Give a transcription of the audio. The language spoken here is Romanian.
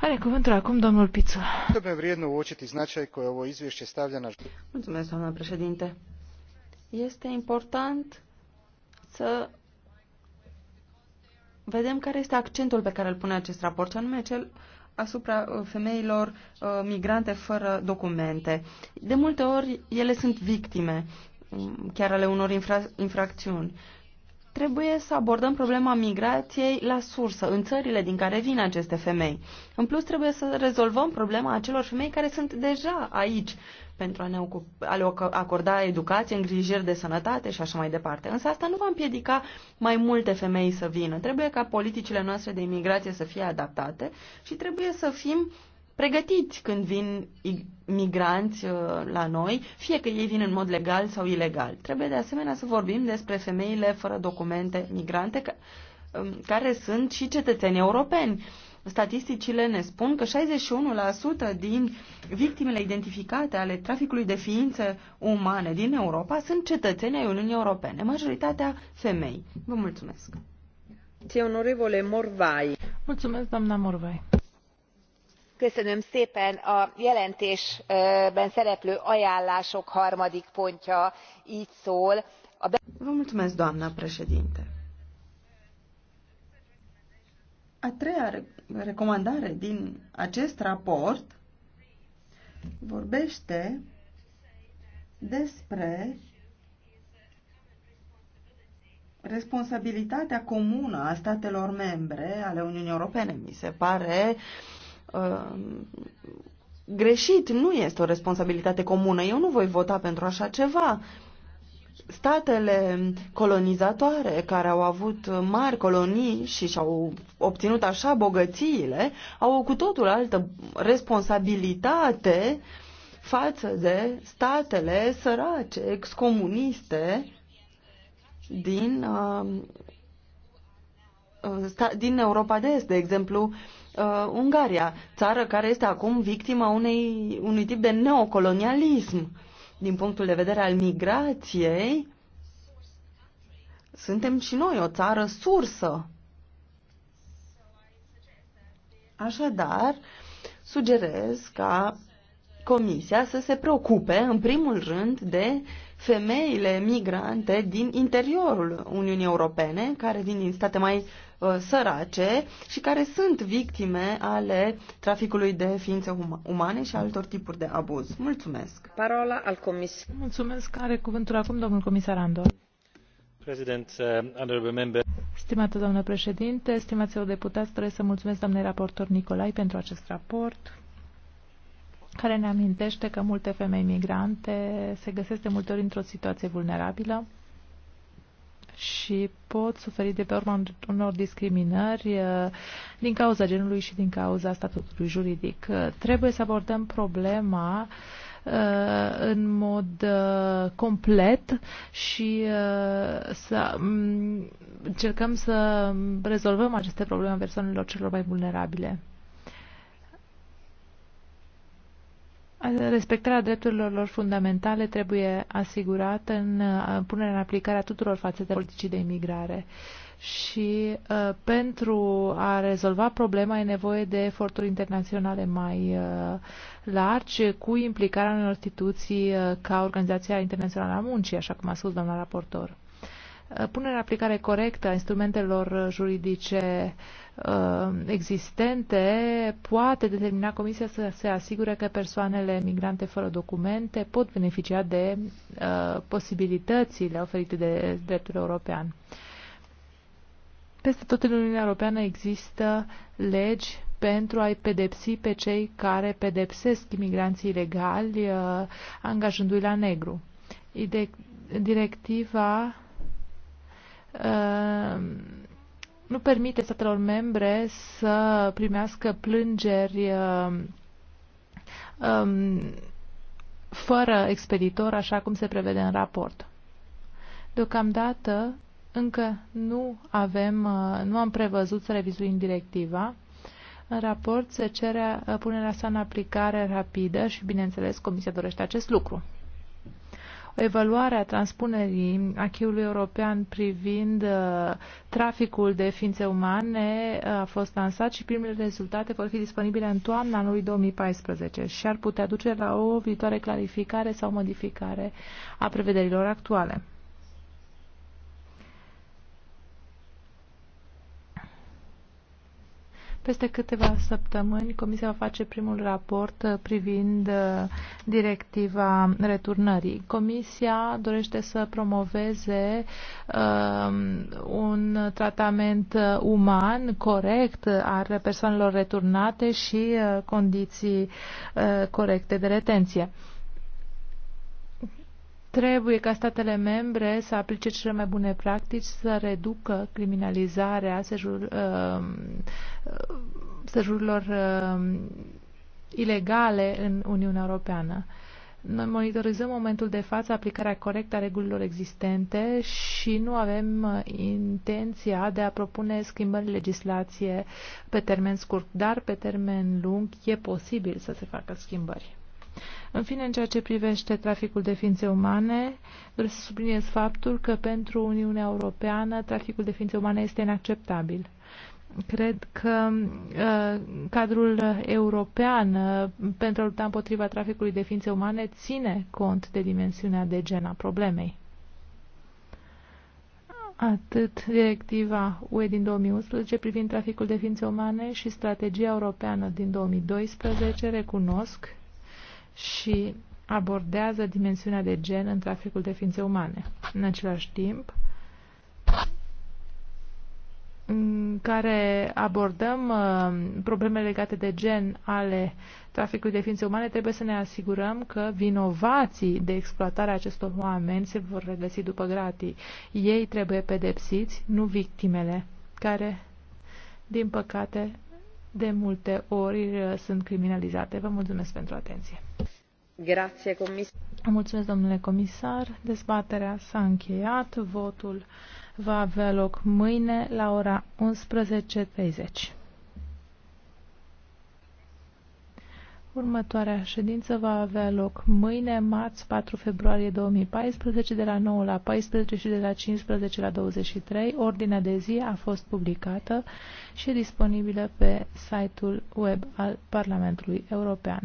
Are cuvântul acum domnul Pițu. Mulțumesc, doamnă președinte. Este important să vedem care este accentul pe care îl pune acest raport, și anume cel asupra uh, femeilor uh, migrante fără documente. De multe ori ele sunt victime um, chiar ale unor infra infracțiuni. Trebuie să abordăm problema migrației la sursă, în țările din care vin aceste femei. În plus, trebuie să rezolvăm problema acelor femei care sunt deja aici pentru a, ne a le acorda educație, îngrijiri de sănătate și așa mai departe. Însă asta nu va împiedica mai multe femei să vină. Trebuie ca politicile noastre de imigrație să fie adaptate și trebuie să fim pregătiți când vin migranți uh, la noi, fie că ei vin în mod legal sau ilegal. Trebuie de asemenea să vorbim despre femeile fără documente migrante um, care sunt și cetățeni europeni. Statisticile ne spun că 61% din victimele identificate ale traficului de ființe umane din Europa sunt cetățeni ai Uniunii Europene, majoritatea femei. Vă mulțumesc. Ție onorevole Morvai. Mulțumesc, doamna Morvai a jelentésben szereplő ajánlások harmadik pontja gy szól a treia recomandare din acest raport vorbește despre responsabilitatea comună a statelor membre ale Uniunii Europene. Mi se pare Uh, greșit, nu este o responsabilitate comună. Eu nu voi vota pentru așa ceva. Statele colonizatoare care au avut mari colonii și și-au obținut așa bogățiile au o cu totul altă responsabilitate față de statele sărace, excomuniste din uh, Uh, din Europa de Est, de exemplu uh, Ungaria, țară care este acum victima unei, unui tip de neocolonialism. Din punctul de vedere al migrației, suntem și noi o țară sursă. Așadar, sugerez ca Comisia să se preocupe, în primul rând, de uh, femeile migrante din interiorul Uniunii Europene, care vin din state mai uh, sărace și care sunt victime ale traficului de ființe um umane și altor tipuri de abuz. Mulțumesc. Parola al comis. Mulțumesc. care cuvântul acum domnul comisar Andor. President, uh, member. Stimată doamnă președinte, stimați eu deputați, trebuie să mulțumesc doamnei raportor Nicolai pentru acest raport care ne amintește că multe femei migrante se găsesc de multe ori într-o situație vulnerabilă și pot suferi de pe urma unor discriminări uh, din cauza genului și din cauza statutului juridic. Uh, trebuie să abordăm problema uh, în mod complet și să mm, încercăm să rezolvăm aceste probleme a persoanelor celor mai vulnerabile. Respectarea drepturilor lor fundamentale trebuie asigurată în uh, punerea în aplicare a tuturor fațete politicii de imigrare. Și uh, pentru a rezolva problema e nevoie de eforturi internaționale mai uh, largi cu implicarea unor instituții uh, ca Organizația Internațională a Muncii, așa cum a spus doamna raportor. Uh, punerea aplicare corectă a instrumentelor juridice uh, existente poate determina Comisia să se asigure că persoanele migrante fără documente pot beneficia de uh, posibilitățile oferite de dreptul european. Peste tot în Uniunea Europeană există legi pentru a-i pedepsi pe cei care pedepsesc imigranții ilegali, angajându-i la negru. Directiva Ehm, nu permite statelor membre să primească plângeri ehm, ehm, fără expeditor, așa cum se prevede în raport. Deocamdată încă nu avem, nu am prevăzut să revizuim directiva. În raport se cere punerea sa în aplicare rapidă și, bineînțeles, Comisia dorește acest lucru evaluarea transpunerii acheului european privind uh, traficul de ființe umane uh, a fost lansat și primele rezultate vor fi disponibile în toamna anului 2014 și ar putea duce la o viitoare clarificare sau modificare a prevederilor actuale. Peste câteva săptămâni, Comisia va face primul raport uh, privind uh, directiva returnării. Comisia dorește să promoveze um, un tratament uh, uman, corect, al persoanelor returnate și condiții corecte de retenție. Trebuie ca statele membre să aplice cele mai bune practici, să reducă criminalizarea uh, sejurilor uh, uh, ilegale în Uniunea Europeană. Noi monitorizăm momentul de față aplicarea corectă a regulilor existente și nu avem uh, intenția de a propune schimbări legislație pe termen scurt, dar pe termen lung e posibil să se facă schimbări. În fine, în ceea ce privește traficul de ființe umane, vreau să subliniez faptul că pentru Uniunea Europeană traficul de ființe umane este inacceptabil. Cred că uh, cadrul european uh, pentru a lupta împotriva traficului de ființe umane ține cont de dimensiunea de gen a problemei. Atât directiva UE din 2011 privind traficul de ființe umane și strategia europeană din 2012 recunosc și abordează dimensiunea de gen în traficul de ființe umane. În același timp, în care abordăm uh, problemele probleme legate de gen ale traficului de ființe umane, trebuie să ne asigurăm că vinovații de exploatarea acestor oameni se vor regăsi după gratii. Ei trebuie pedepsiți, nu victimele, care, din păcate, de multe ori uh, sunt criminalizate. Vă mulțumesc pentru atenție. Mulțumesc, domnule comisar. Dezbaterea s-a încheiat. Votul va avea loc mâine la ora 11.30. Următoarea ședință va avea loc mâine, marți 4 februarie 2014, de la 9 la 14 și de la 15 la 23. Ordinea de zi a fost publicată și disponibilă pe site-ul web al Parlamentului European.